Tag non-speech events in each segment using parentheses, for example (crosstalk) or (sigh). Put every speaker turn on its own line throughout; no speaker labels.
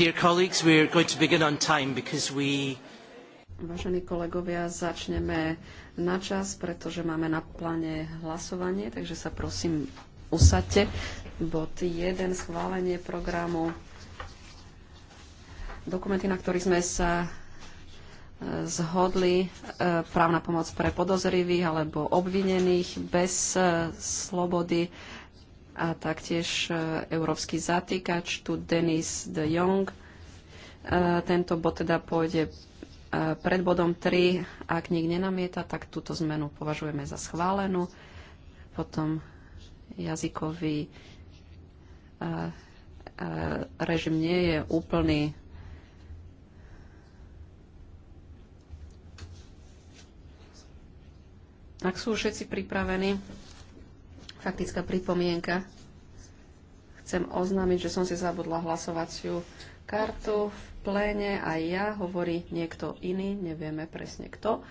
Dear colleagues, we're going to begin on time because we
Vážení kolegovia, začneme na čas, pretože máme na pláne hlasovanie, takže sa prosím usadte. Bod 1, schválenie programu. Dokumenty, na ktorých sme sa e, zhodli e, právna pomoc pre podozrivých alebo obvinených bez e, slobody a taktiež e, európsky zatýkač, tu Denis de Jong. E, tento bod teda pôjde e, pred bodom 3, ak nik nenamieta, tak túto zmenu považujeme za schválenú. Potom jazykový režim nie je úplný. Ak sú všetci pripravení, Faktická pripomienka. Chcem oznámiť, že som si zabudla hlasovaciu kartu v pléne a ja, hovorí niekto iný, nevieme presne kto.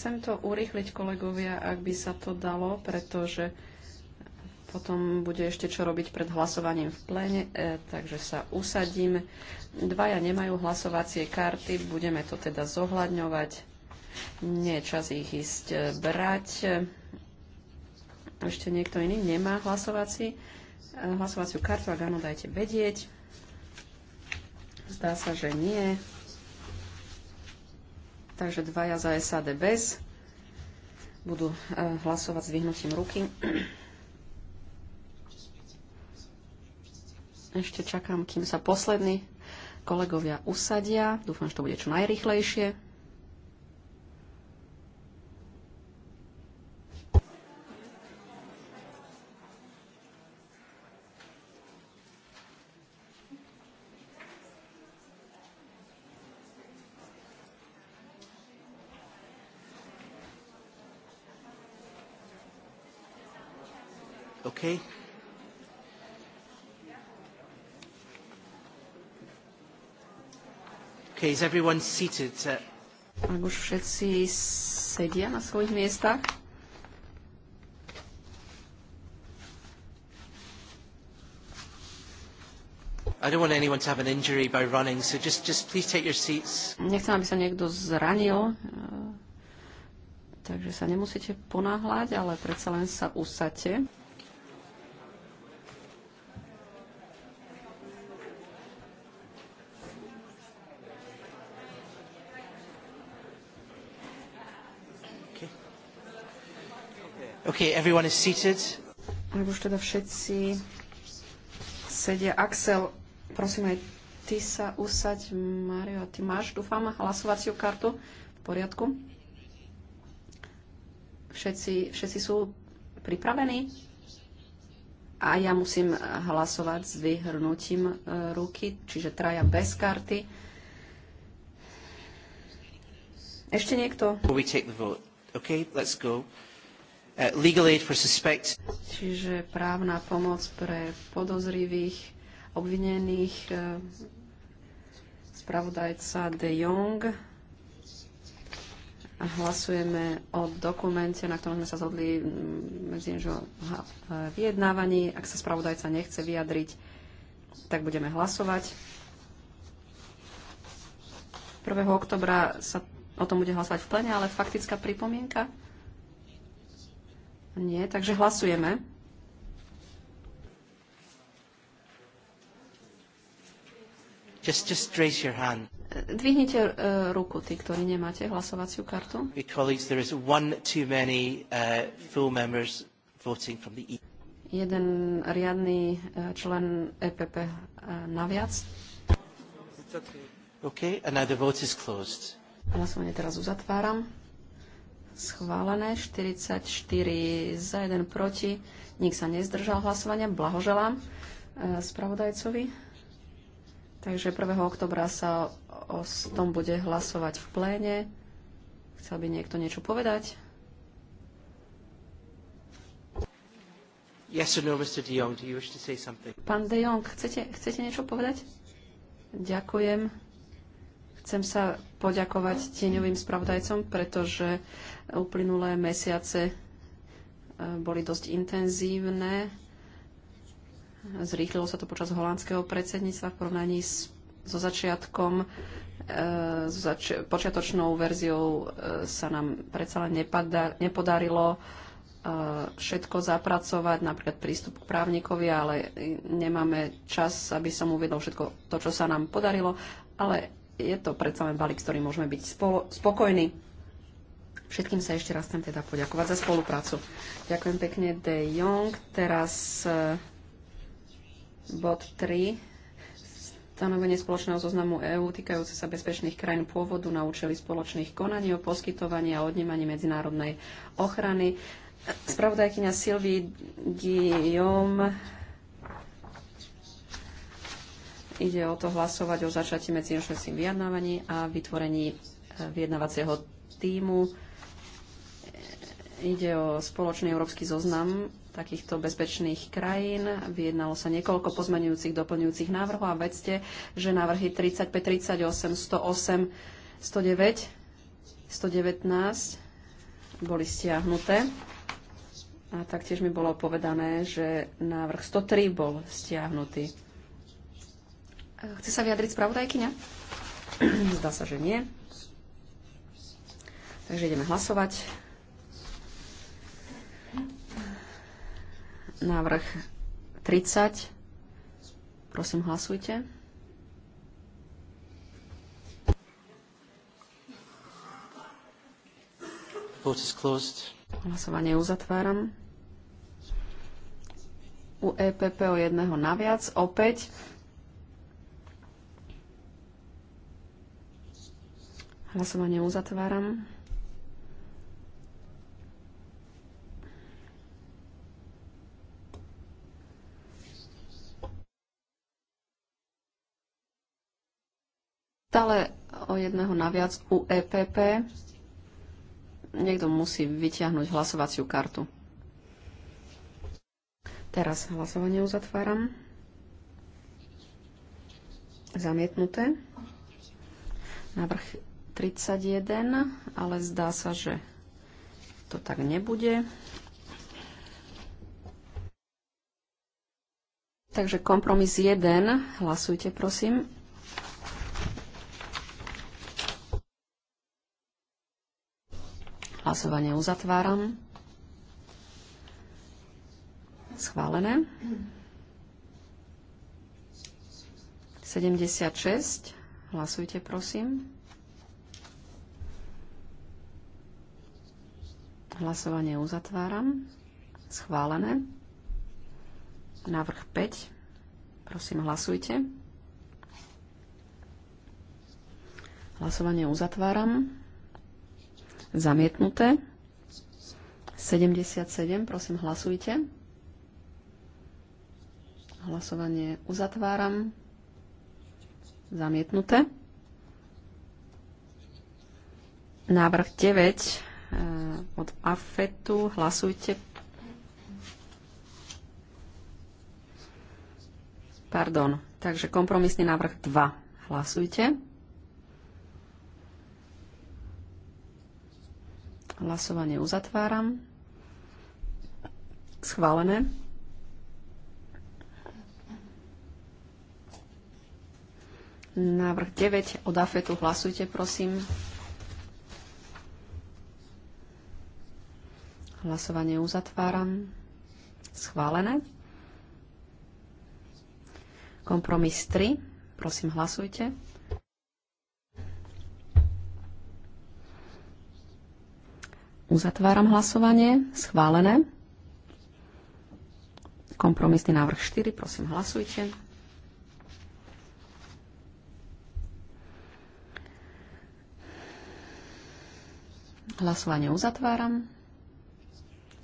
Chcem to urýchliť, kolegovia, ak by sa to dalo, pretože potom bude ešte čo robiť pred hlasovaním v pléne, e, takže sa usadím. Dvaja nemajú hlasovacie karty, budeme to teda zohľadňovať. Nie je čas ich ísť e, brať. Ešte niekto iný nemá hlasovací, e, hlasovaciu kartu, ak áno, dajte vedieť. Zdá sa, že nie. Takže dvaja za SAD bez budú e, hlasovať s vyhnutím ruky. Ešte čakám, kým sa poslední kolegovia usadia. Dúfam, že to bude čo najrychlejšie.
Okay. please. Everyone seated. Uh,
Ak už všetci sedia na svojich miestach.
I don't want anyone to have an injury by running, so just, just please take your seats.
Nechcem, aby sa niekto zranil, uh, takže sa nemusíte ponáhľať, ale predsa len sa usadte.
Okay, everyone is seated. Ak už teda všetci
sedia. Axel, prosím aj ty sa usaď. Mario, ty máš, dúfam, hlasovaciu kartu? V poriadku? Všetci, všetci sú pripravení? A ja musím hlasovať s vyhrnutím e, ruky, čiže traja bez karty.
Ešte niekto? We take the vote. Okay, let's go. Uh, legal aid for suspects.
Čiže právna pomoc pre podozrivých, obvinených, uh, spravodajca De Jong. A hlasujeme o dokumente, na ktorom sme sa zhodli medzi e, vyjednávaní. Ak sa spravodajca nechce vyjadriť, tak budeme hlasovať. 1. oktobra sa o tom bude hlasovať v plene, ale faktická pripomienka. Nie, takže hlasujeme.
Just, just raise your hand.
Dvihnite uh, ruku, tí, ktorí nemáte hlasovaciu kartu.
E, e-
Jeden riadny člen EPP naviac.
Okay, and now the vote is closed.
Hlasovanie teraz uzatváram schválené, 44 za, 1 proti, nik sa nezdržal hlasovania, blahoželám e, spravodajcovi. Takže 1. oktobra sa o tom bude hlasovať v pléne. Chcel by niekto niečo povedať?
Yes or no, Mr. De Jong, do you wish to say something?
Pán De Jong, chcete, chcete niečo povedať? Ďakujem. Chcem sa poďakovať tieňovým spravodajcom, pretože uplynulé mesiace e, boli dosť intenzívne. Zrýchlilo sa to počas holandského predsedníctva v porovnaní s, so začiatkom e, so zač- počiatočnou verziou e, sa nám predsa len nepada- nepodarilo všetko zapracovať, napríklad prístup k právnikovi, ale nemáme čas, aby som uvedol všetko to, čo sa nám podarilo. Ale je to predsa len balík, s ktorým môžeme byť spolo, spokojní. Všetkým sa ešte raz chcem teda poďakovať za spoluprácu. Ďakujem pekne De Jong. Teraz uh, bod 3. Stanovenie spoločného zoznamu EÚ týkajúce sa bezpečných krajín pôvodu na účely spoločných konaní o poskytovaní a odnímaní medzinárodnej ochrany. Spravodajkyňa Sylvie Guillaume Ide o to hlasovať o začatí medziinštitúcii vyjednávaní a vytvorení e, vyjednávacieho týmu. E, ide o spoločný európsky zoznam takýchto bezpečných krajín. Vyjednalo sa niekoľko pozmenujúcich, doplňujúcich návrhov a vedzte, že návrhy 35, 38, 108, 109, 119 boli stiahnuté. A taktiež mi bolo povedané, že návrh 103 bol stiahnutý. Chce sa vyjadriť spravodajkyňa? (clears throat) Zdá sa, že nie. Takže ideme hlasovať. Návrh 30. Prosím, hlasujte. Hlasovanie uzatváram. U EPP o jedného naviac. Opäť Hlasovanie uzatváram. Stále o jedného naviac u EPP. Niekto musí vyťahnuť hlasovaciu kartu. Teraz hlasovanie uzatváram. Zamietnuté. Návrh 31, ale zdá sa, že to tak nebude. Takže kompromis 1, hlasujte prosím. Hlasovanie uzatváram. Schválené. 76. Hlasujte, prosím. Hlasovanie uzatváram. Schválené. Návrh 5. Prosím, hlasujte. Hlasovanie uzatváram. Zamietnuté. 77. Prosím, hlasujte. Hlasovanie uzatváram. Zamietnuté. Návrh 9. Eh, od AFETu. Hlasujte. Pardon. Takže kompromisný návrh 2. Hlasujte. Hlasovanie uzatváram. Schválené. Návrh 9 od AFETu. Hlasujte, prosím. Hlasovanie uzatváram. Schválené. Kompromis 3. Prosím, hlasujte. Uzatváram hlasovanie. Schválené. Kompromisný návrh 4. Prosím, hlasujte. Hlasovanie uzatváram.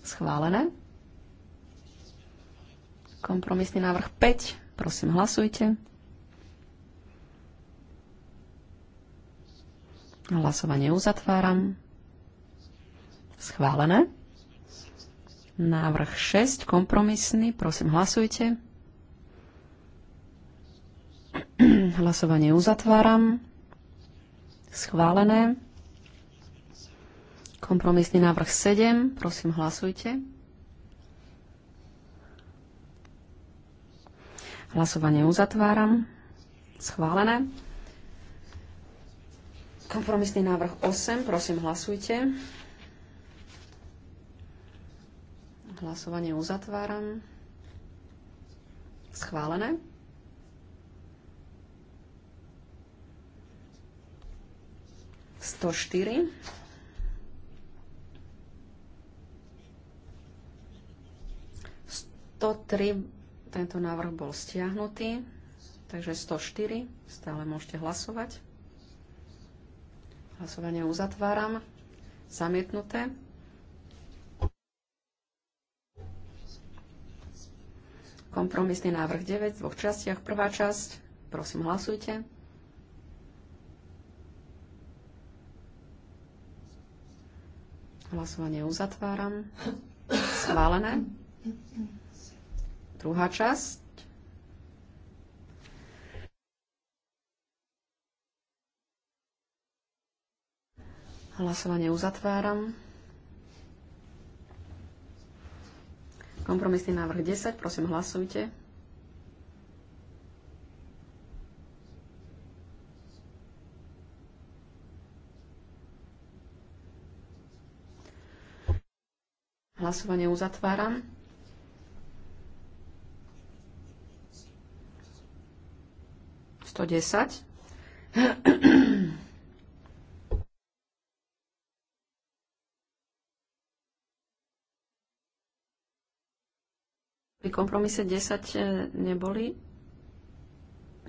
Schválené. Kompromisný návrh 5. Prosím, hlasujte. Hlasovanie uzatváram. Schválené. Návrh 6, kompromisný. Prosím, hlasujte. (clears throat) Hlasovanie uzatváram. Schválené. Kompromisný návrh 7. Prosím, hlasujte. Hlasovanie uzatváram. Schválené. Kompromisný návrh 8. Prosím, hlasujte. Hlasovanie uzatváram. Schválené. Sto 103, tento návrh bol stiahnutý, takže 104, stále môžete hlasovať. Hlasovanie uzatváram. Zamietnuté. Kompromisný návrh 9 v dvoch častiach. Prvá časť. Prosím, hlasujte. Hlasovanie uzatváram. Schválené. Druhá časť. Hlasovanie uzatváram. Kompromisný návrh 10, prosím hlasujte. Hlasovanie uzatváram. 110. Pri kompromise 10 e, neboli,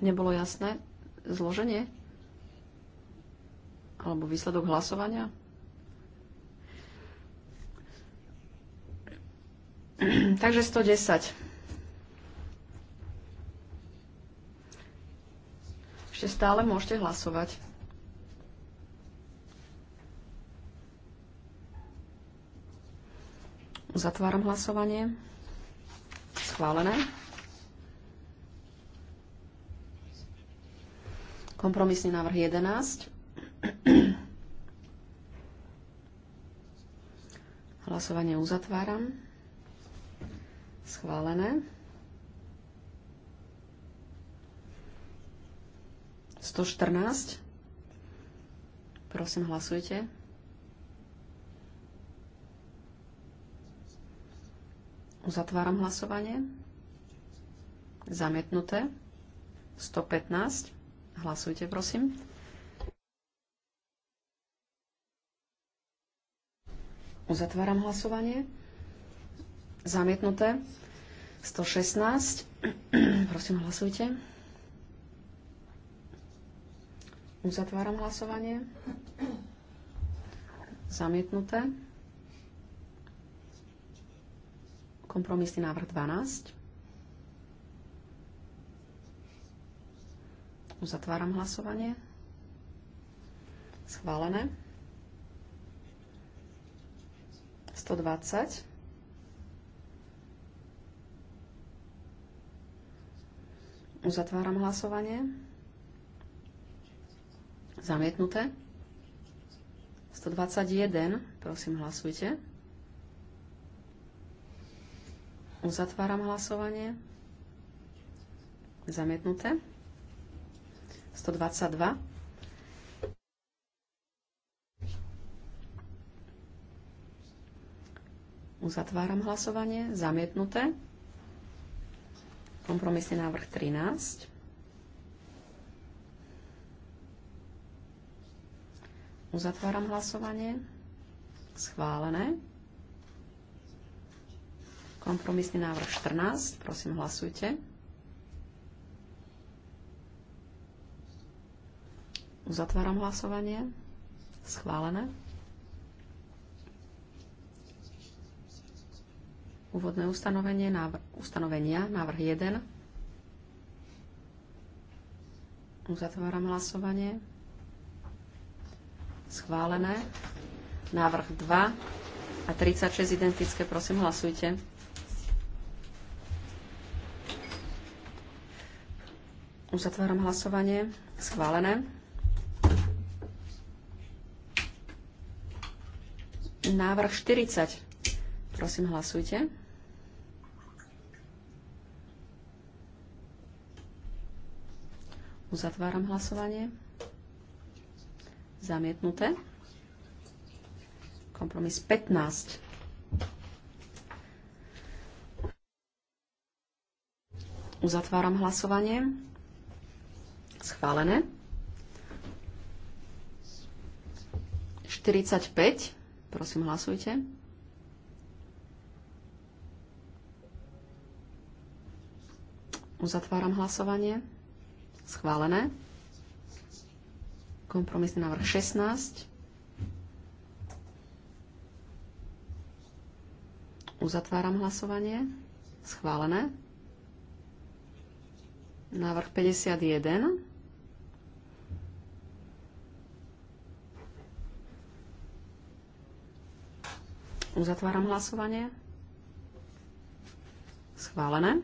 nebolo jasné zloženie alebo výsledok hlasovania. (clears throat) Takže 110. Ešte stále môžete hlasovať. Zatváram hlasovanie. Schválené. Kompromisný návrh 11. Hlasovanie uzatváram. Schválené. 114. Prosím, hlasujte. Uzatváram hlasovanie. Zamietnuté. 115. Hlasujte, prosím. Uzatváram hlasovanie. Zamietnuté. 116. (clears throat) prosím, hlasujte. Uzatváram hlasovanie. Zamietnuté. Kompromisný návrh 12. Uzatváram hlasovanie. Schválené. 120. Uzatváram hlasovanie. Zamietnuté. 121. Prosím, hlasujte. Uzatváram hlasovanie. Zamietnuté. 122. Uzatváram hlasovanie. Zamietnuté. Kompromisný návrh 13. Uzatváram hlasovanie. Schválené. Kompromisný návrh 14. Prosím, hlasujte. Uzatváram hlasovanie. Schválené. Úvodné ustanovenie, návr- ustanovenia, návrh 1. Uzatváram hlasovanie schválené. Návrh 2 a 36 identické, prosím, hlasujte. Uzatváram hlasovanie. Schválené. Návrh 40. Prosím, hlasujte. Uzatváram hlasovanie. Zamietnuté. Kompromis 15. Uzatváram hlasovanie. Schválené. 45. Prosím, hlasujte. Uzatváram hlasovanie. Schválené. Kompromisný návrh 16. Uzatváram hlasovanie. Schválené. Návrh 51. Uzatváram hlasovanie. Schválené.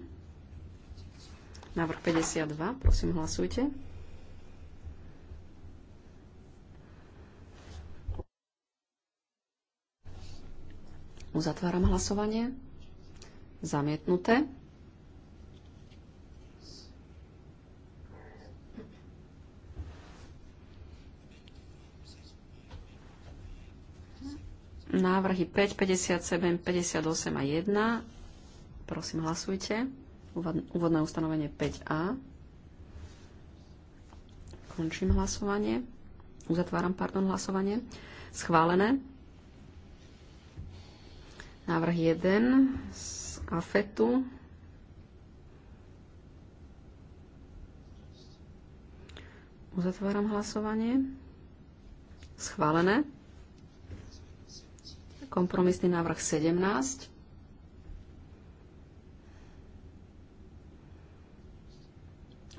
Návrh 52. Prosím, hlasujte. Uzatváram hlasovanie. Zamietnuté. Návrhy 5, 57, 58 a 1. Prosím, hlasujte. Úvodné ustanovenie 5a. Končím hlasovanie. Uzatváram, pardon, hlasovanie. Schválené. Návrh 1 z AFETu. Uzatváram hlasovanie. Schválené. Kompromisný návrh 17.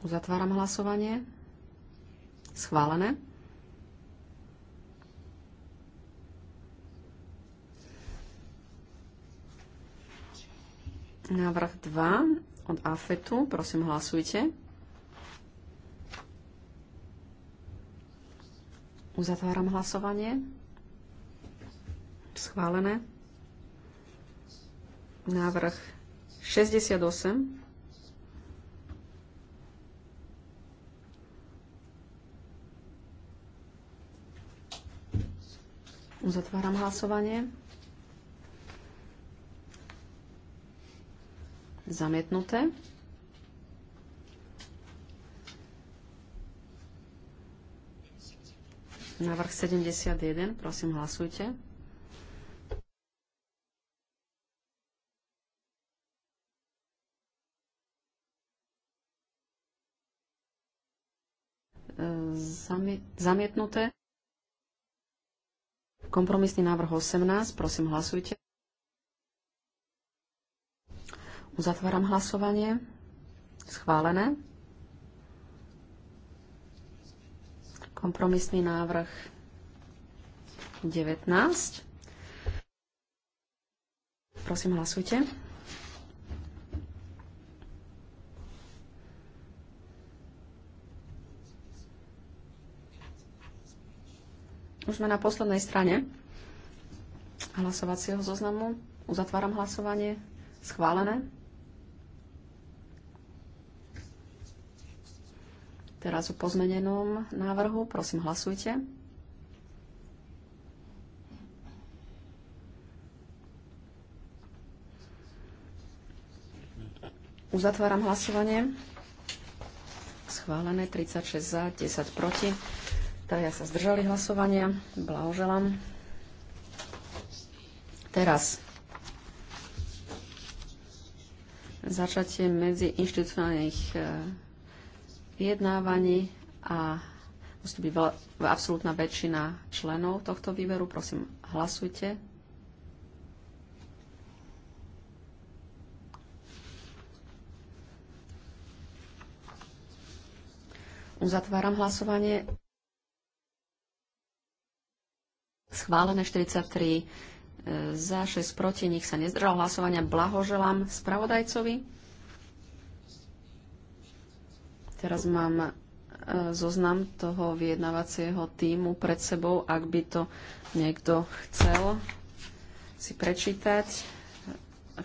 Uzatváram hlasovanie. Schválené. Návrh 2 od AFETu. Prosím, hlasujte. Uzatváram hlasovanie. Schválené. Návrh 68. Uzatváram hlasovanie. zamietnuté. Návrh 71, prosím, hlasujte. Zamietnuté. Kompromisný návrh 18, prosím, hlasujte. Uzatváram hlasovanie. Schválené. Kompromisný návrh 19. Prosím, hlasujte. Už sme na poslednej strane hlasovacieho zoznamu. Uzatváram hlasovanie. Schválené. Teraz o pozmenenom návrhu. Prosím, hlasujte. Uzatváram hlasovanie. Schválené 36 za, 10 proti. Traja sa zdržali hlasovania. Blahoželám. Teraz začatie medzi inštitucionálnych eh, vyjednávaní a musí byť absolútna väčšina členov tohto výberu. Prosím, hlasujte. Uzatváram hlasovanie. Schválené 43 e, za, 6 proti, nech sa nezdržal hlasovania. Blahoželám spravodajcovi. Teraz mám e, zoznam toho vyjednávacieho týmu pred sebou, ak by to niekto chcel si prečítať.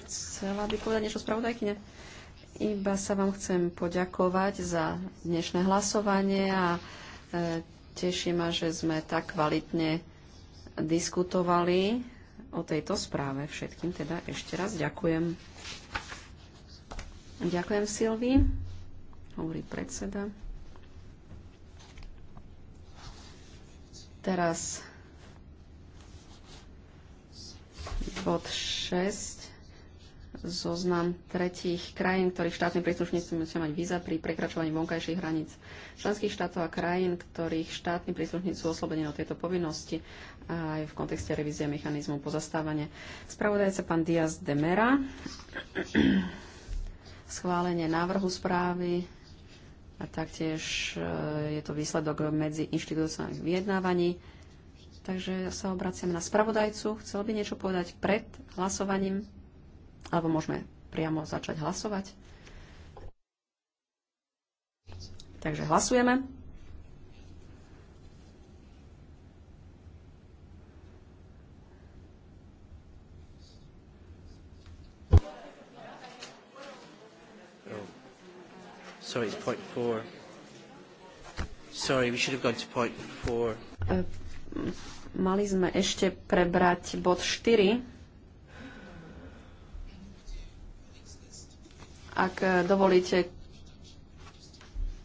Chcela by povedať niečo spravodajkyne? Iba sa vám chcem poďakovať za dnešné hlasovanie a e, teší ma, že sme tak kvalitne diskutovali o tejto správe. Všetkým teda ešte raz ďakujem. Ďakujem Silvi hovorí predseda. Teraz bod 6 zoznam tretích krajín, ktorých štátni príslušníci musia mať víza pri prekračovaní vonkajších hraníc členských štátov a krajín, ktorých štátni príslušníci sú oslobodení od tejto povinnosti aj v kontexte revízie mechanizmu pozastávania. Spravodajca pán Diaz de Mera. Schválenie návrhu správy a taktiež e, je to výsledok medzi inštitúciálnych vyjednávaní. Takže sa obraciam na spravodajcu. Chcel by niečo povedať pred hlasovaním? Alebo môžeme priamo začať hlasovať? Takže hlasujeme.
four. Sorry, we should have gone to point four.
Eh, mali sme ešte prebrať bod 4. Ak eh, dovolíte,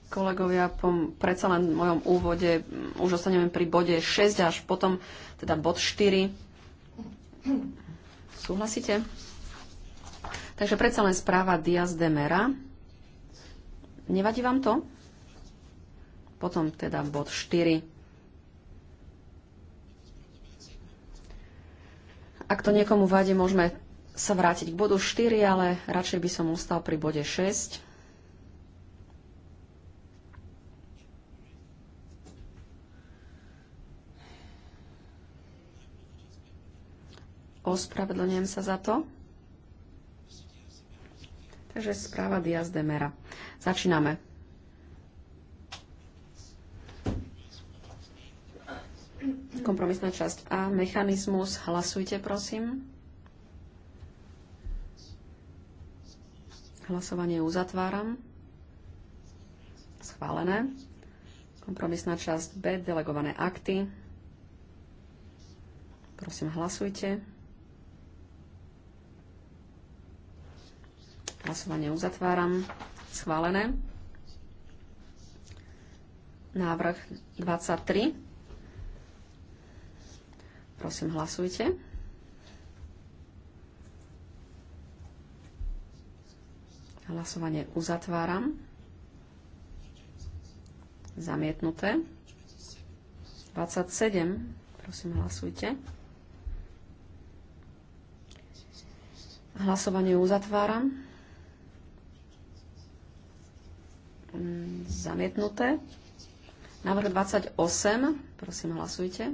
kolegovia, po predsa len v mojom úvode hm, už ostaneme pri bode 6 až potom teda bod 4. Súhlasíte? Takže predsa len správa Diaz de Mera. Nevadí vám to? Potom teda bod 4. Ak to niekomu vadí, môžeme sa vrátiť k bodu 4, ale radšej by som ustal pri bode 6. Ospravedlňujem sa za to. Takže správa Diaz de Mera. Začíname. Kompromisná časť A. Mechanizmus. Hlasujte, prosím. Hlasovanie uzatváram. Schválené. Kompromisná časť B. Delegované akty. Prosím, hlasujte. Hlasovanie uzatváram. Schválené. Návrh 23. Prosím, hlasujte. Hlasovanie uzatváram. Zamietnuté. 27. Prosím, hlasujte. Hlasovanie uzatváram. zamietnuté. Návrh 28, prosím hlasujte.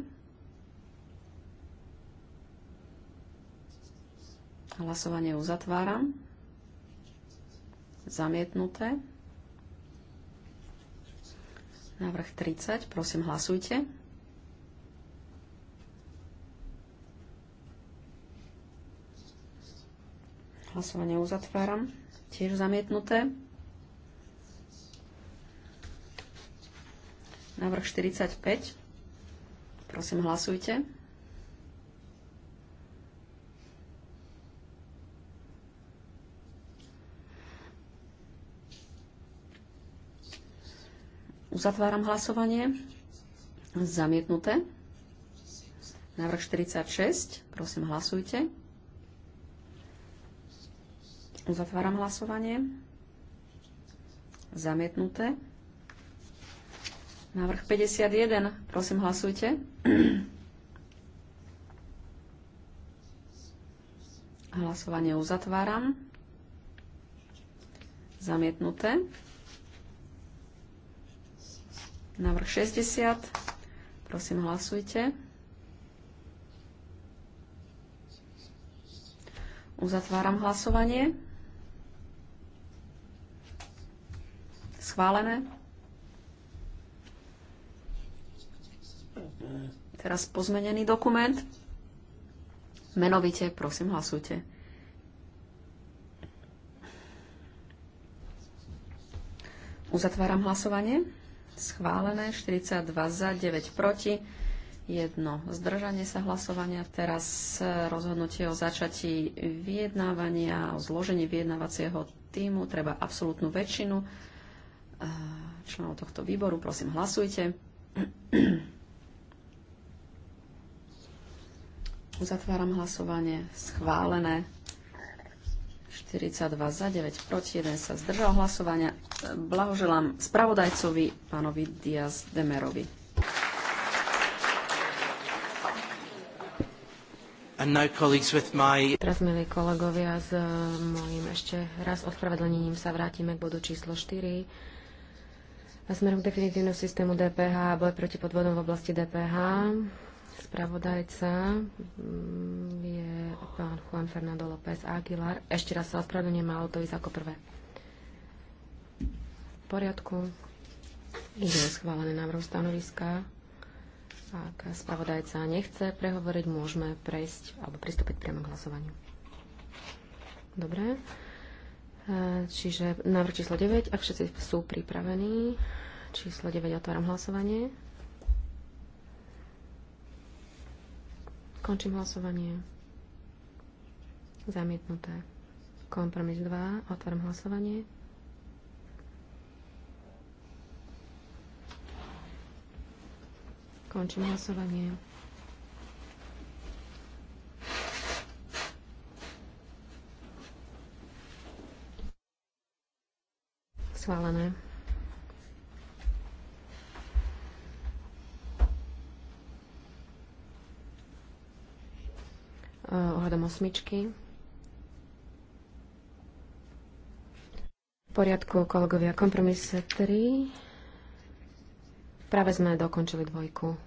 Hlasovanie uzatváram. Zamietnuté. Návrh 30, prosím hlasujte. Hlasovanie uzatváram. Tiež zamietnuté. Návrh 45. Prosím, hlasujte. Uzatváram hlasovanie. Zamietnuté. Návrh 46. Prosím, hlasujte. Uzatváram hlasovanie. Zamietnuté. Návrh 51. Prosím, hlasujte. Hlasovanie uzatváram. Zamietnuté. Návrh 60. Prosím, hlasujte. Uzatváram hlasovanie. Schválené. teraz pozmenený dokument. Menovite, prosím, hlasujte. Uzatváram hlasovanie. Schválené 42 za, 9 proti, jedno zdržanie sa hlasovania. Teraz e, rozhodnutie o začatí vyjednávania, o zložení vyjednávacieho týmu. Treba absolútnu väčšinu e, členov tohto výboru. Prosím, hlasujte. (clears throat) Uzatváram hlasovanie. Schválené. 42 za, 9 proti, 1 sa zdržal hlasovania. Blahoželám spravodajcovi, pánovi Diaz Demerovi.
My... Teraz,
milí kolegovia, s eh, mojím ešte raz ospravedlnením sa vrátime k bodu číslo 4. A smerom k definitívnu systému DPH a boj proti podvodom v oblasti DPH. Spravodajca mm, je pán Juan Fernando López Aguilar. Ešte raz sa ospravedlňujem, malo to ísť ako prvé. V poriadku. Ide o schválené návrh stanoviska. Ak spravodajca nechce prehovoriť, môžeme prejsť alebo pristúpiť priamo k hlasovaniu. Dobre. E, čiže návrh číslo 9, ak všetci sú pripravení. Číslo 9, otváram hlasovanie. Končím hlasovanie. Zamietnuté. Kompromis 2. Otváram hlasovanie. Končím hlasovanie. Schválené. Eh, ohľadom osmičky. V poriadku, kolegovia, kompromis 3. Práve sme dokončili dvojku.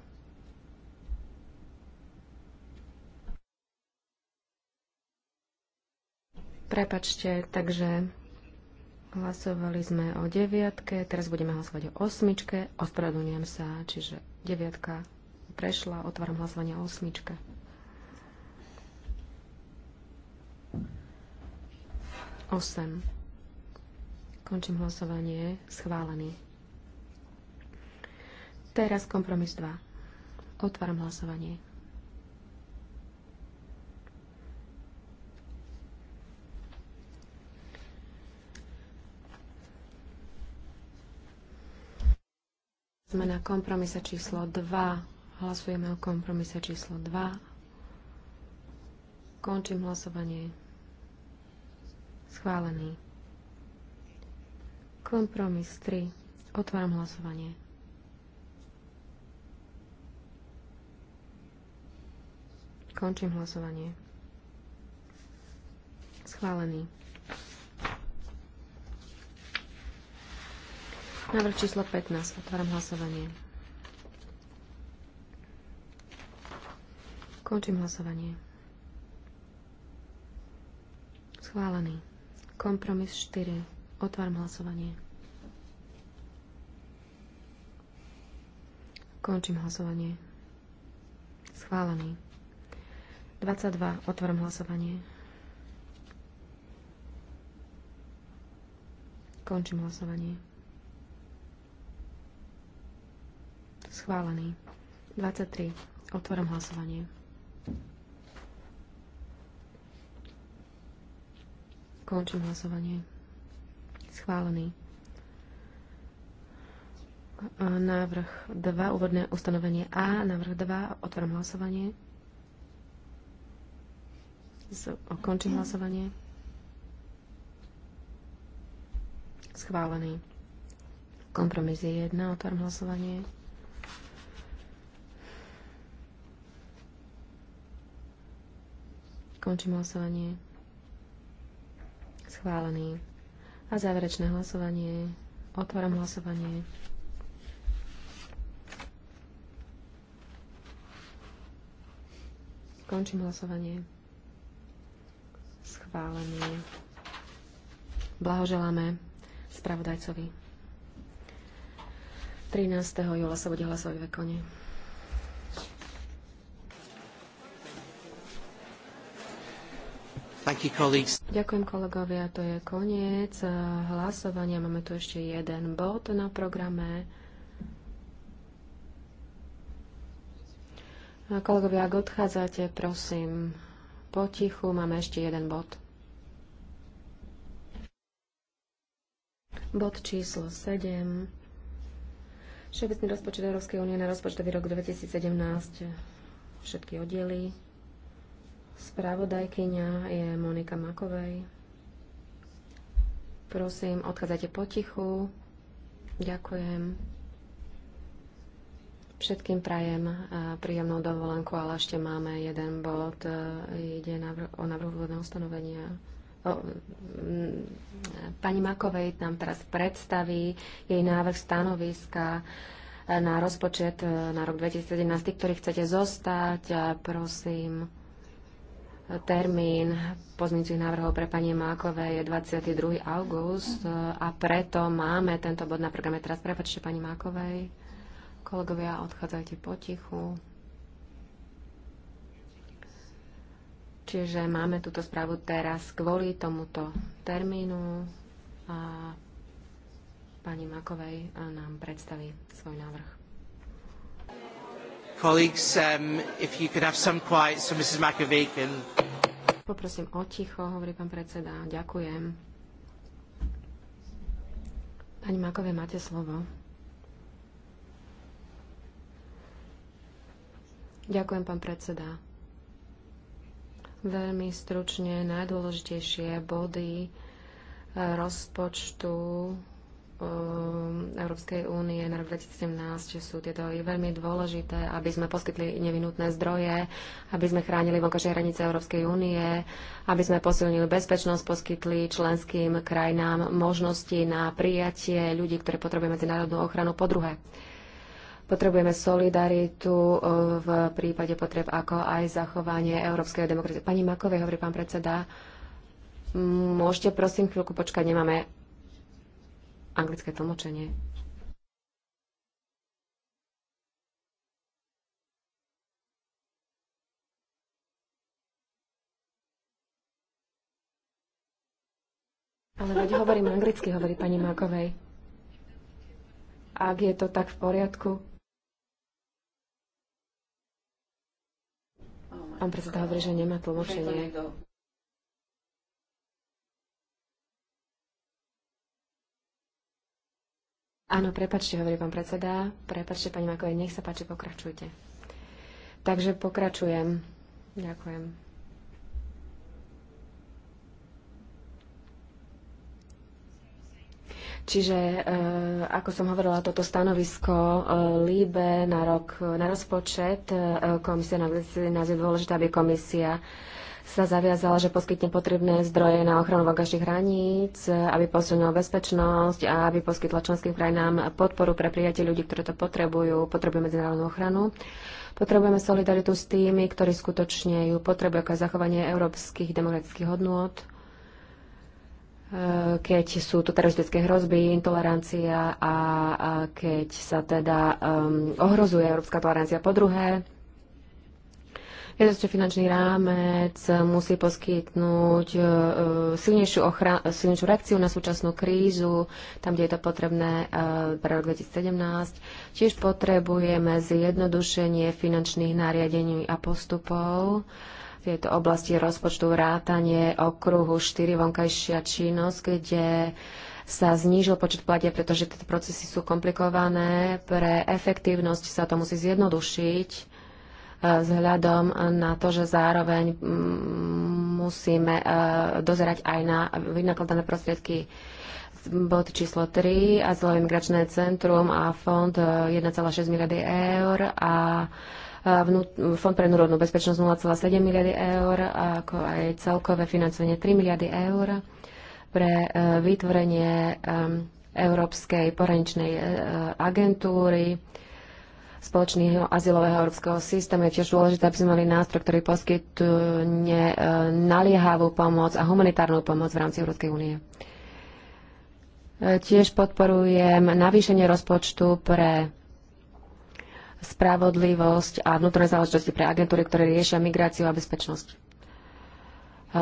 Prepačte, takže hlasovali sme o deviatke, teraz budeme hlasovať o osmičke, ospravedlňujem sa, čiže deviatka prešla, otváram hlasovanie o osmičke. 8. Končím hlasovanie. Schválený. Teraz kompromis 2. Otváram hlasovanie. Sme na kompromise číslo 2. Hlasujeme o kompromise číslo 2. Končím hlasovanie. Schválený. Kompromis 3. Otváram hlasovanie. Končím hlasovanie. Schválený. Návrh číslo 15. Otváram hlasovanie. Končím hlasovanie. Schválený. Kompromis 4. Otváram hlasovanie. Končím hlasovanie. Schválený. 22. Otváram hlasovanie. Končím hlasovanie. Schválený. 23. Otváram hlasovanie. Končím hlasovanie. Schválený. Návrh 2, úvodné ustanovenie A, návrh 2, otváram hlasovanie. Končím hlasovanie. Schválený. Kompromis je 1, otváram hlasovanie. Končím hlasovanie. Schválený. A záverečné hlasovanie. Otváram hlasovanie. Končím hlasovanie. Schválený. Blahoželáme spravodajcovi. 13. júla sa bude hlasovať ve Ekone.
You,
Ďakujem kolegovia, to je koniec eh, hlasovania. Máme tu ešte jeden bod na programe. Eh, kolegovia, ak odchádzate, prosím, potichu, máme ešte jeden bod. Bod číslo 7. Všeobecný rozpočet Európskej únie na rozpočtový rok 2017. Všetky oddiely. Spravodajkyňa je Monika Makovej. Prosím, odchádzajte potichu. Ďakujem. Všetkým prajem eh, príjemnú dovolenku, ale ešte máme jeden bod. Eh, ide o návrh úvodného ustanovenia. Mm, pani Makovej nám teraz predstaví jej návrh stanoviska eh, na rozpočet na rok 2017. Tí, ktorí chcete zostať, prosím, Termín pozmeňujúcich návrhov pre pani Mákové je 22. august a preto máme tento bod na programe. Teraz prepačte pani Mákovej. Kolegovia, odchádzajte potichu. Čiže máme túto správu teraz kvôli tomuto termínu a pani Makovej nám predstaví svoj návrh.
Colleagues, um, if you could have some quiet so Mrs. McAvey can...
Poprosím o ticho, hovorí pán predseda. Ďakujem. Pani Makové, máte slovo. Ďakujem, pán predseda. Veľmi stručne najdôležitejšie body eh, rozpočtu Um, európskej únie na rok 2017 sú tieto veľmi dôležité, aby sme poskytli nevinutné zdroje, aby sme chránili vonkajšie hranice Európskej únie, aby sme posilnili bezpečnosť, poskytli členským krajinám možnosti na prijatie ľudí, ktoré potrebujú medzinárodnú ochranu. Po druhé, potrebujeme solidaritu uh, v prípade potreb, ako aj zachovanie európskej demokracie. Pani Makovej, hovorí pán predseda, môžete prosím chvíľku počkať, nemáme anglické tlmočenie. Ale veď hovorím anglicky, hovorí pani Makovej. Ak je to tak v poriadku. Pán predseda hovorí, že nemá tlmočenie. Áno, prepačte, hovorí pán predseda. Prepačte, pani Makové, nech sa páči, pokračujte. Takže pokračujem. Ďakujem. Čiže, e, ako som hovorila, toto stanovisko e, líbe na, rok, na rozpočet e, na, na dôležité, aby komisia e, sa zaviazala, že poskytne potrebné zdroje na ochranu vonkajších hraníc, aby posunula bezpečnosť a aby poskytla členským krajinám podporu pre prijatie ľudí, ktorí to potrebujú, potrebujú medzinárodnú ochranu. Potrebujeme solidaritu s tými, ktorí skutočne ju potrebujú ako zachovanie európskych demokratických hodnôt, eh, keď sú tu teroristické hrozby, intolerancia a, a keď sa teda um, ohrozuje európska tolerancia. Po druhé, Viedosť finančný rámec musí poskytnúť e, silnejšiu, ochra- silnejšiu reakciu na súčasnú krízu, tam, kde je to potrebné e, pre rok 2017. Tiež potrebujeme zjednodušenie finančných nariadení a postupov tejto oblasti rozpočtu vrátanie okruhu 4 vonkajšia činnosť, kde sa znížil počet platie, pretože tieto procesy sú komplikované. Pre efektívnosť sa to musí zjednodušiť vzhľadom na to, že zároveň mm, musíme e, dozerať aj na vynakladané prostriedky bod číslo 3, Azylové migračné centrum a fond 1,6 e, miliardy eur a e, fond pre národnú bezpečnosť 0,7 miliardy eur, ako aj celkové financovanie 3 miliardy eur pre vytvorenie Európskej poraničnej agentúry spoločného azylového európskeho systému. Je tiež dôležité, aby sme mali nástroj, ktorý poskytne e, naliehavú pomoc a humanitárnu pomoc v rámci Európskej únie. E, tiež podporujem navýšenie rozpočtu pre spravodlivosť a vnútorné záležitosti pre agentúry, ktoré riešia migráciu a bezpečnosť. E,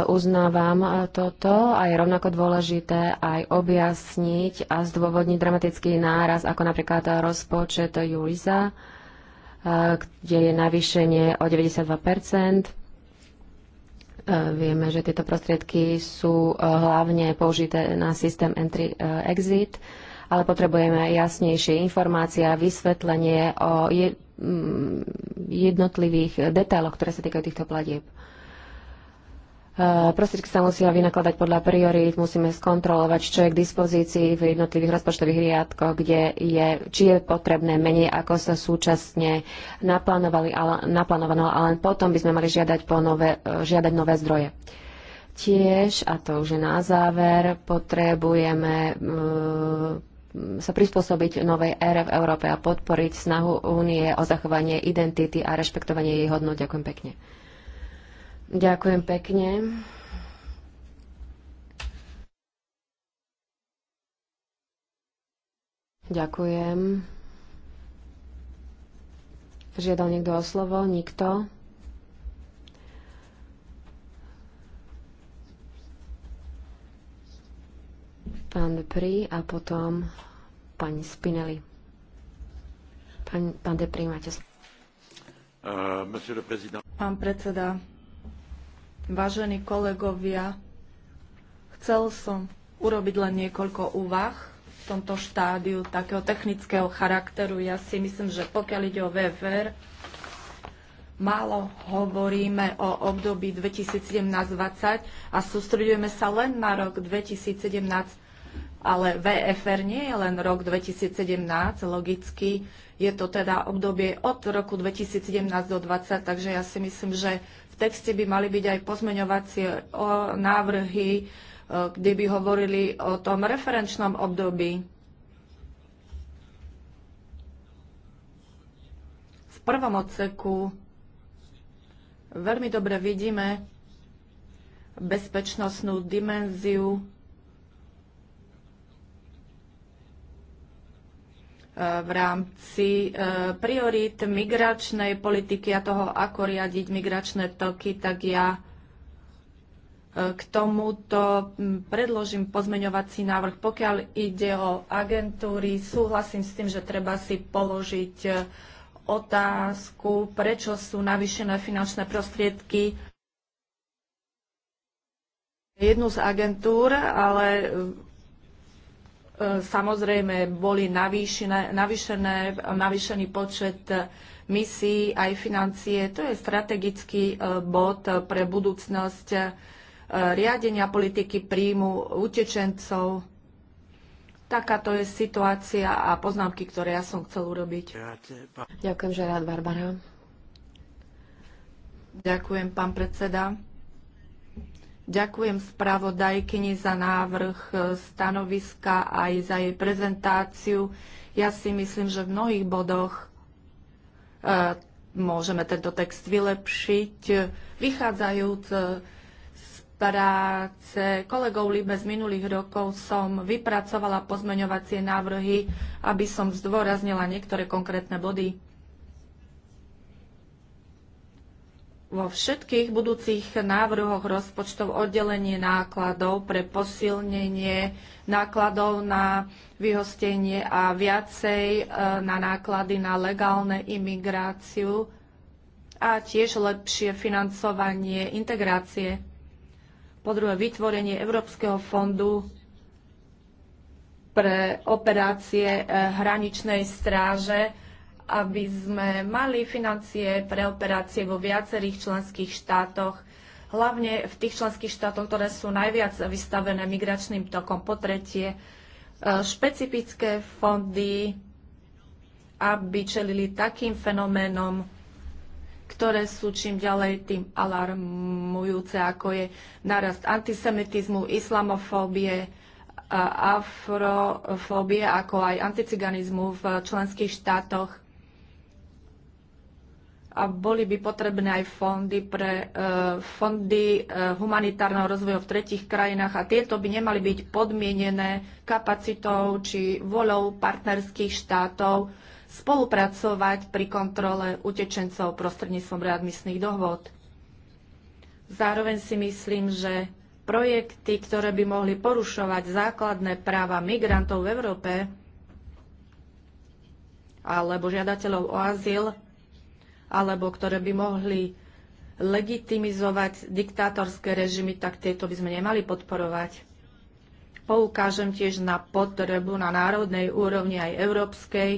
uznávam toto a je rovnako dôležité aj objasniť a zdôvodniť dramatický náraz, ako napríklad rozpočet Juriza kde je navýšenie o 92 e, Vieme, že tieto prostriedky sú e, hlavne použité na systém entry-exit, e, ale potrebujeme jasnejšie informácie a vysvetlenie o jednotlivých detailoch, ktoré sa týkajú týchto platieb. E, prostriedky sa musia vynakladať podľa priorít, musíme skontrolovať, čo je k dispozícii v jednotlivých rozpočtových riadkoch, kde je, či je potrebné menej, ako sa súčasne naplánovali, ale, naplánovalo, ale potom by sme mali žiadať, po nové, e, žiadať nové zdroje. Tiež, a to už je na záver, potrebujeme e, sa prispôsobiť novej ére v Európe a podporiť snahu únie o zachovanie identity a rešpektovanie jej hodnot. Ďakujem pekne. Ďakujem pekne. Ďakujem. Žiadal niekto o slovo? Nikto? Pán Depri a potom pani Spinelli. Pán, pán Depri, máte slovo. Uh, pán
predseda, Vážení kolegovia, chcel som urobiť len niekoľko úvah v tomto štádiu takého technického charakteru. Ja si myslím, že pokiaľ ide o VFR, málo hovoríme o období 2017-2020 a sústredujeme sa len na rok 2017, ale VFR nie je len rok 2017, logicky je to teda obdobie od roku 2017 do 2020, takže ja si myslím, že texte by mali byť aj pozmeňovacie e, návrhy, e, kde by hovorili o tom referenčnom období. V prvom odseku veľmi dobre vidíme bezpečnostnú dimenziu v rámci e, priorít migračnej politiky a toho, ako riadiť migračné toky, tak ja e, k tomuto predložím pozmeňovací návrh. Pokiaľ ide o agentúry, súhlasím s tým, že treba si položiť e, otázku, prečo sú navýšené finančné prostriedky jednu z agentúr, ale E, samozrejme, boli navýšené, navýšené, navýšený počet e, misií aj financie. To je strategický e, bod pre budúcnosť riadenia politiky príjmu utečencov. Takáto je situácia a poznámky, ktoré ja som chcel urobiť. Ďakujem, že rád, Barbara. Ďakujem, pán predseda. Ďakujem spravodajkyni za návrh e, stanoviska aj za jej prezentáciu. Ja si myslím, že v mnohých bodoch e, môžeme tento text vylepšiť, e, vychádzajúc e, z práce kolegov Libe z minulých rokov som vypracovala pozmeňovacie návrhy, aby som zdôraznila niektoré konkrétne body vo všetkých budúcich návrhoch rozpočtov oddelenie nákladov pre posilnenie nákladov na vyhostenie a viacej e, na náklady na legálne imigráciu a tiež lepšie financovanie integrácie. Po druhé, vytvorenie Európskeho fondu pre operácie e, hraničnej stráže aby sme mali financie pre operácie vo viacerých členských štátoch, hlavne v tých členských štátoch, ktoré sú najviac vystavené migračným tokom. Po tretie, e, špecifické fondy, aby čelili takým fenoménom, ktoré sú čím ďalej tým alarmujúce, ako je narast antisemitizmu, islamofóbie, e, afrofóbie, ako aj anticiganizmu v členských štátoch a boli by potrebné aj fondy pre e, fondy e, humanitárneho rozvoja v tretich krajinách a tieto by nemali byť podmienené kapacitou či voľou partnerských štátov spolupracovať pri kontrole utečencov prostredníctvom readmisných dohôd. Zároveň si myslím, že projekty, ktoré by mohli porušovať základné práva migrantov v Európe alebo žiadateľov o azyl, alebo ktoré by mohli legitimizovať diktátorské režimy, tak tieto by sme nemali podporovať. Poukážem tiež na potrebu na národnej úrovni aj európskej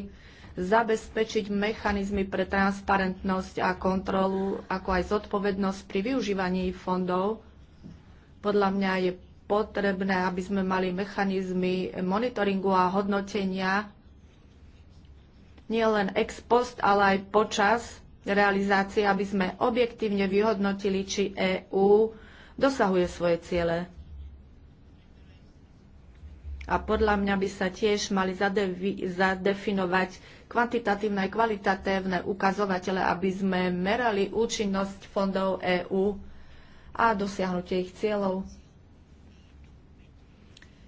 zabezpečiť mechanizmy pre transparentnosť a kontrolu, ako aj zodpovednosť pri využívaní fondov. Podľa mňa je potrebné, aby sme mali mechanizmy monitoringu a hodnotenia nielen ex post, ale aj počas realizácie, aby sme objektívne vyhodnotili, či EÚ dosahuje svoje ciele. A podľa mňa by sa tiež mali zadefinovať kvantitatívne a kvalitatívne ukazovatele, aby sme merali účinnosť fondov EÚ a dosiahnutie ich cieľov.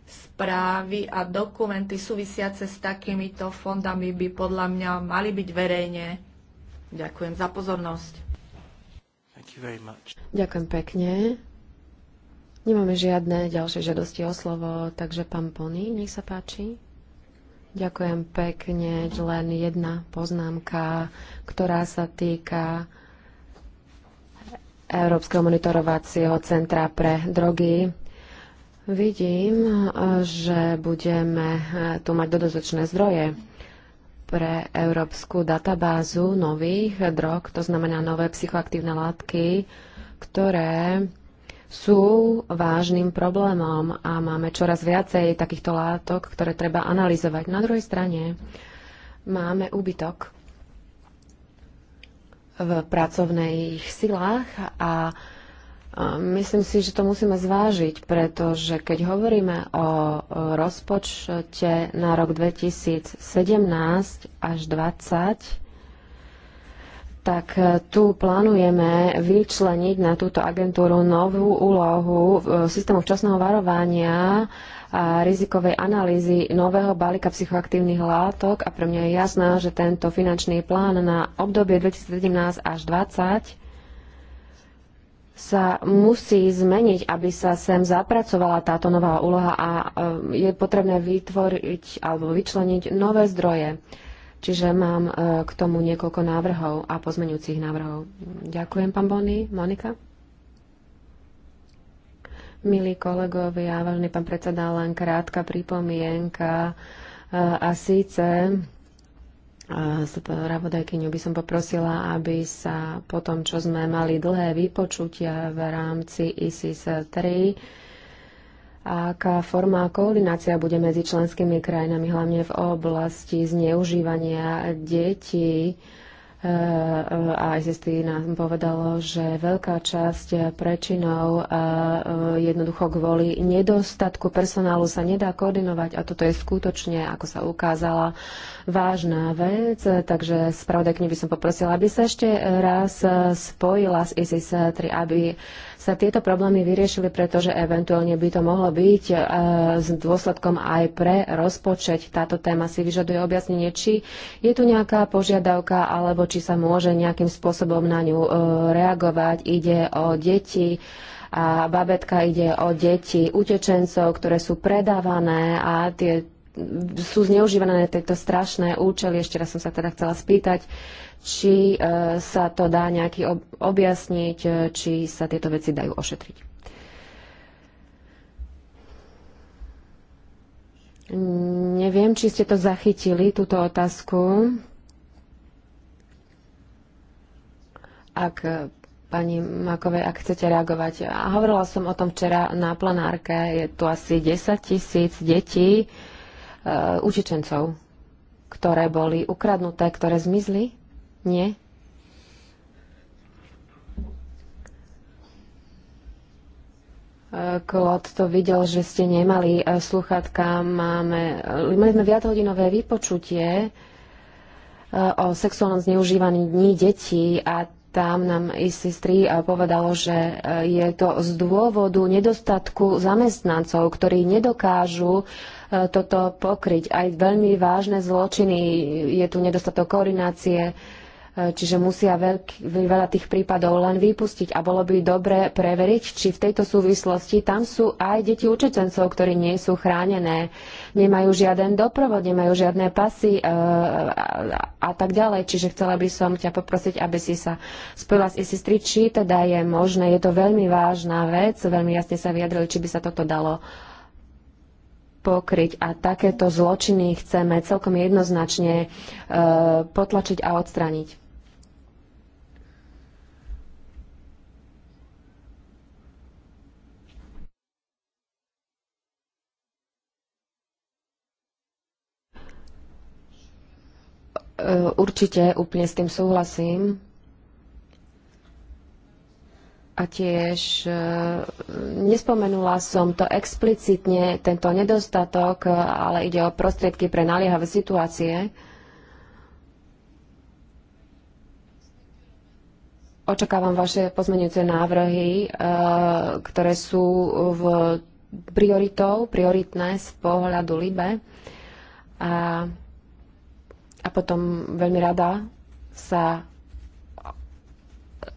Správy a dokumenty súvisiace s takýmito fondami by podľa mňa mali byť verejne Ďakujem za pozornosť. Ďakujem pekne. Nemáme
žiadne ďalšie žiadosti o slovo, takže pán Pony, nech sa páči. Ďakujem pekne. Len jedna poznámka, ktorá sa týka Európskeho monitorovacieho centra pre drogy. Vidím, že budeme tu mať dodatočné zdroje pre európsku databázu nových drog, to znamená nové psychoaktívne látky, ktoré sú vážnym problémom a máme čoraz viacej takýchto látok, ktoré treba analyzovať. Na druhej strane máme úbytok v pracovných silách a Myslím si, že to musíme zvážiť, pretože keď hovoríme o rozpočte na rok 2017 až 2020, tak tu plánujeme vyčleniť na túto agentúru novú úlohu v systému včasného varovania a rizikovej analýzy nového balíka psychoaktívnych látok a pre mňa je jasné, že tento finančný plán na obdobie 2017 až 2020 sa musí zmeniť, aby sa sem zapracovala táto nová úloha a e, je potrebné vytvoriť alebo vyčleniť nové zdroje. Čiže mám e, k tomu niekoľko návrhov a pozmeňujúcich návrhov. Ďakujem, pán Bony. Monika? Milí kolegovia, veľmi pán predseda, len krátka pripomienka. E, a síce pravodajkyňou by som poprosila, aby sa po tom, čo sme mali dlhé vypočutia v rámci ISIS 3, aká forma koordinácia bude medzi členskými krajinami, hlavne v oblasti zneužívania detí, a ISST nám povedalo, že veľká časť prečinov e, jednoducho kvôli nedostatku personálu sa nedá koordinovať a toto je skutočne, ako sa ukázala, vážna vec. Takže spravodajkne by som poprosila, aby sa ešte raz spojila s ISIS-3, aby sa tieto problémy vyriešili, pretože eventuálne by to mohlo byť e, s dôsledkom aj pre rozpočet. Táto téma si vyžaduje objasnenie, či je tu nejaká požiadavka, alebo či sa môže nejakým spôsobom na ňu e, reagovať. Ide o deti, a babetka ide o deti utečencov, ktoré sú predávané a tie sú zneužívané na tieto strašné účely. Ešte raz som sa teda chcela spýtať, či e, sa to dá nejaký objasniť, e, či sa tieto veci dajú ošetriť. Neviem, či ste to zachytili, túto otázku. Ak e, pani Makovej, ak chcete reagovať. A hovorila som o tom včera na planárke, je tu asi 10 tisíc detí, Eh, utečencov, ktoré boli ukradnuté, ktoré zmizli? Nie? Klod eh, to videl, že ste nemali eh, sluchatka. Máme, mali sme viachodinové vypočutie o sexuálnom zneužívaní dní detí a tam nám ISIS-3 povedalo, že je to z dôvodu nedostatku zamestnancov, ktorí nedokážu E, toto pokryť. Aj veľmi vážne zločiny, je tu nedostatok koordinácie, e, čiže musia veľký, veľa tých prípadov len vypustiť a bolo by dobre preveriť, či v tejto súvislosti tam sú aj deti učetencov, ktorí nie sú chránené, nemajú žiaden doprovod, nemajú žiadne pasy e, a, a tak ďalej. Čiže chcela by som ťa poprosiť, aby si sa spojila s Isistri, či teda je možné, je to veľmi vážna vec, veľmi jasne sa vyjadrili, či by sa toto dalo pokryť a takéto zločiny chceme celkom jednoznačne e, potlačiť a odstraniť. E, určite úplne s tým súhlasím a tiež e, nespomenula som to explicitne, tento nedostatok, e, ale ide o prostriedky pre naliehavé situácie. Očakávam vaše pozmenujúce návrhy, e, ktoré sú v prioritou, prioritné z pohľadu LIBE. A, a potom veľmi rada sa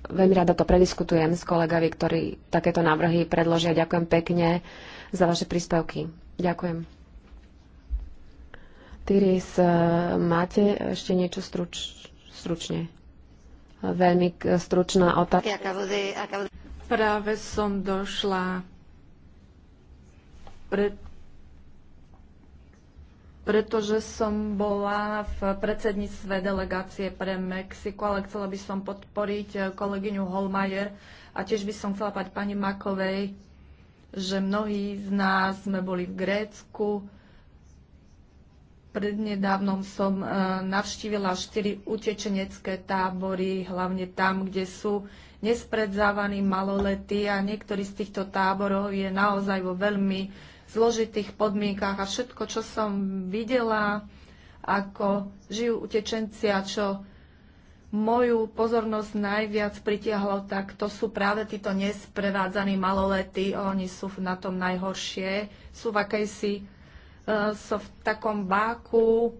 Veľmi rada to prediskutujem s kolegami, ktorí takéto návrhy predložia. Ďakujem pekne za vaše príspevky. Ďakujem. Tyris, e, máte ešte niečo struč, stručne? Veľmi stručná otázka.
Práve som došla pred pretože som bola v predsedníctve delegácie pre Mexiko, ale chcela by som podporiť eh, kolegyňu Holmajer a tiež by som chcela pať pani Makovej, že mnohí z nás sme boli v Grécku. Prednedávnom som eh, navštívila štyri utečenecké tábory, hlavne tam, kde sú nespredzávaní maloletí a niektorý z týchto táborov je naozaj vo veľmi zložitých podmienkách a všetko, čo som videla, ako žijú utečenci a čo moju pozornosť najviac pritiahlo, tak to sú práve títo nesprevádzaní maloletí. Oni sú na tom najhoršie. Sú v akejsi, e, sú v takom báku.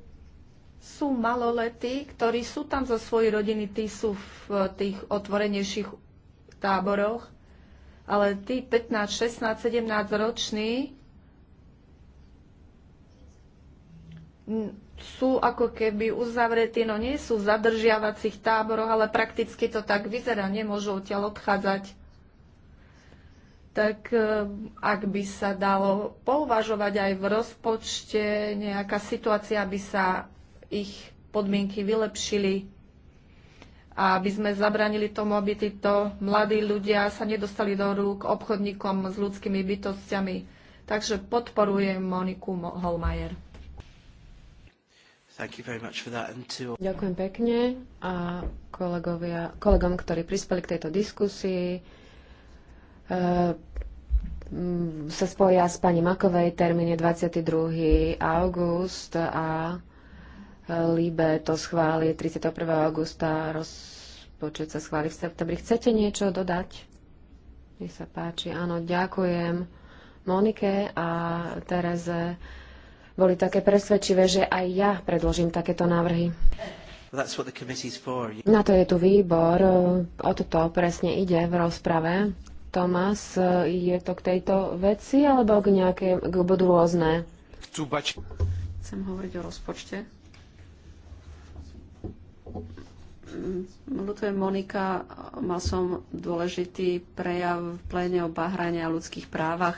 Sú maloletí, ktorí sú tam zo svojej rodiny, tí sú v tých otvorenejších táboroch, ale tí 15, 16, 17 roční, sú ako keby uzavretí, no nie sú v zadržiavacích táboroch, ale prakticky to tak vyzerá, nemôžu odtiaľ odchádzať. Tak e, ak by sa dalo pouvažovať aj v rozpočte nejaká situácia, aby sa ich podmienky vylepšili a aby sme zabranili tomu, aby títo mladí ľudia sa nedostali do rúk obchodníkom s ľudskými bytostiami. Takže podporujem Moniku Holmajer.
Ďakujem
pekne a kolegovia, kolegom, ktorí prispeli k tejto diskusii. E, sa spoja s pani Makovej, termín je 22. august a eh, Líbe to schváli 31. augusta, rozpočet sa schváli v septembri. Chcete niečo dodať? Nech sa páči. Áno, ďakujem Monike a Tereze boli také presvedčivé, že aj ja predložím takéto návrhy. Na to je tu výbor, o toto presne ide v rozprave. Tomas je to k tejto veci alebo k nejaké k bodu rôzne? Chcem
hovoriť o rozpočte. Mm, je Monika, mal som dôležitý prejav v pléne o Bahrane a ľudských právach.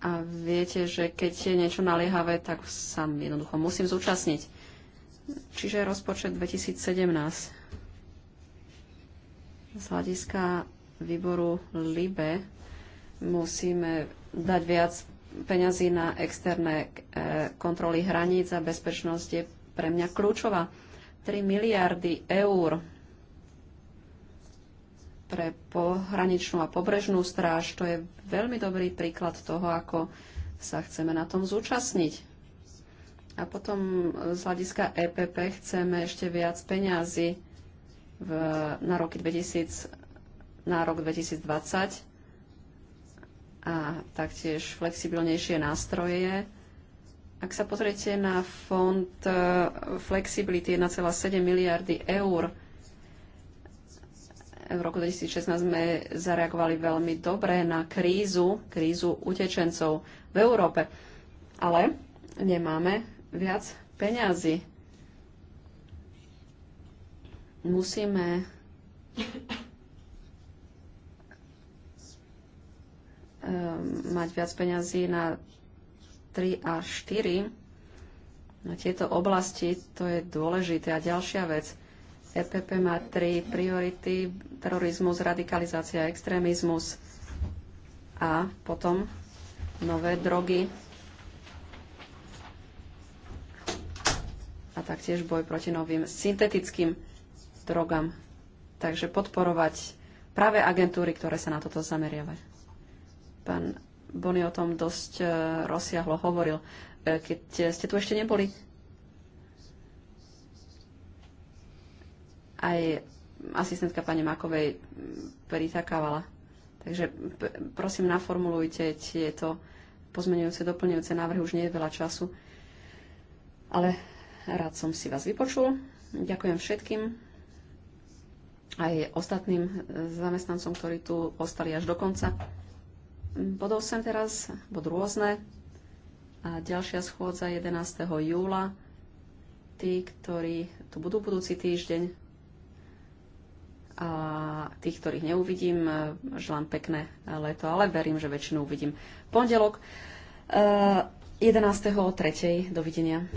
A viete, že keď je niečo naliehavé, tak sa jednoducho musím zúčastniť. Čiže rozpočet 2017. Z hľadiska výboru LIBE musíme dať viac peňazí na externé e, kontroly hraníc a bezpečnosť je pre mňa kľúčová. 3 miliardy eur pre pohraničnú a pobrežnú stráž. To je veľmi dobrý príklad toho, ako sa chceme na tom zúčastniť. A potom z hľadiska EPP chceme ešte viac peňazí v, na, roky 2000, na rok 2020 a taktiež flexibilnejšie nástroje. Ak sa pozriete na fond eh, flexibility 1,7 miliardy eur, v roku 2016 sme zareagovali veľmi dobre na krízu, krízu utečencov v Európe. Ale nemáme viac peňazí. Musíme ehm, mať viac peňazí na 3 a 4. Na tieto oblasti to je dôležité. A ďalšia vec. EPP má tri priority. Terorizmus, radikalizácia, extrémizmus a potom nové drogy a taktiež boj proti novým syntetickým drogám. Takže podporovať práve agentúry, ktoré sa na toto zameriavajú. Pán Bony o tom dosť e, rozsiahlo hovoril. E, keď ste tu ešte neboli, aj asistentka pani Makovej pritakávala. Takže prosím, naformulujte tieto pozmenujúce, doplňujúce návrhy. Už nie je veľa času, ale rád som si vás vypočul. Ďakujem všetkým, aj ostatným zamestnancom, ktorí tu ostali až do konca. Bodov sem teraz, bod rôzne. A ďalšia schôdza 11. júla. Tí, ktorí tu budú budúci týždeň, tých, ktorých neuvidím, e, želám pekné leto, ale verím, že väčšinu uvidím pondelok 11.3. E, Dovidenia.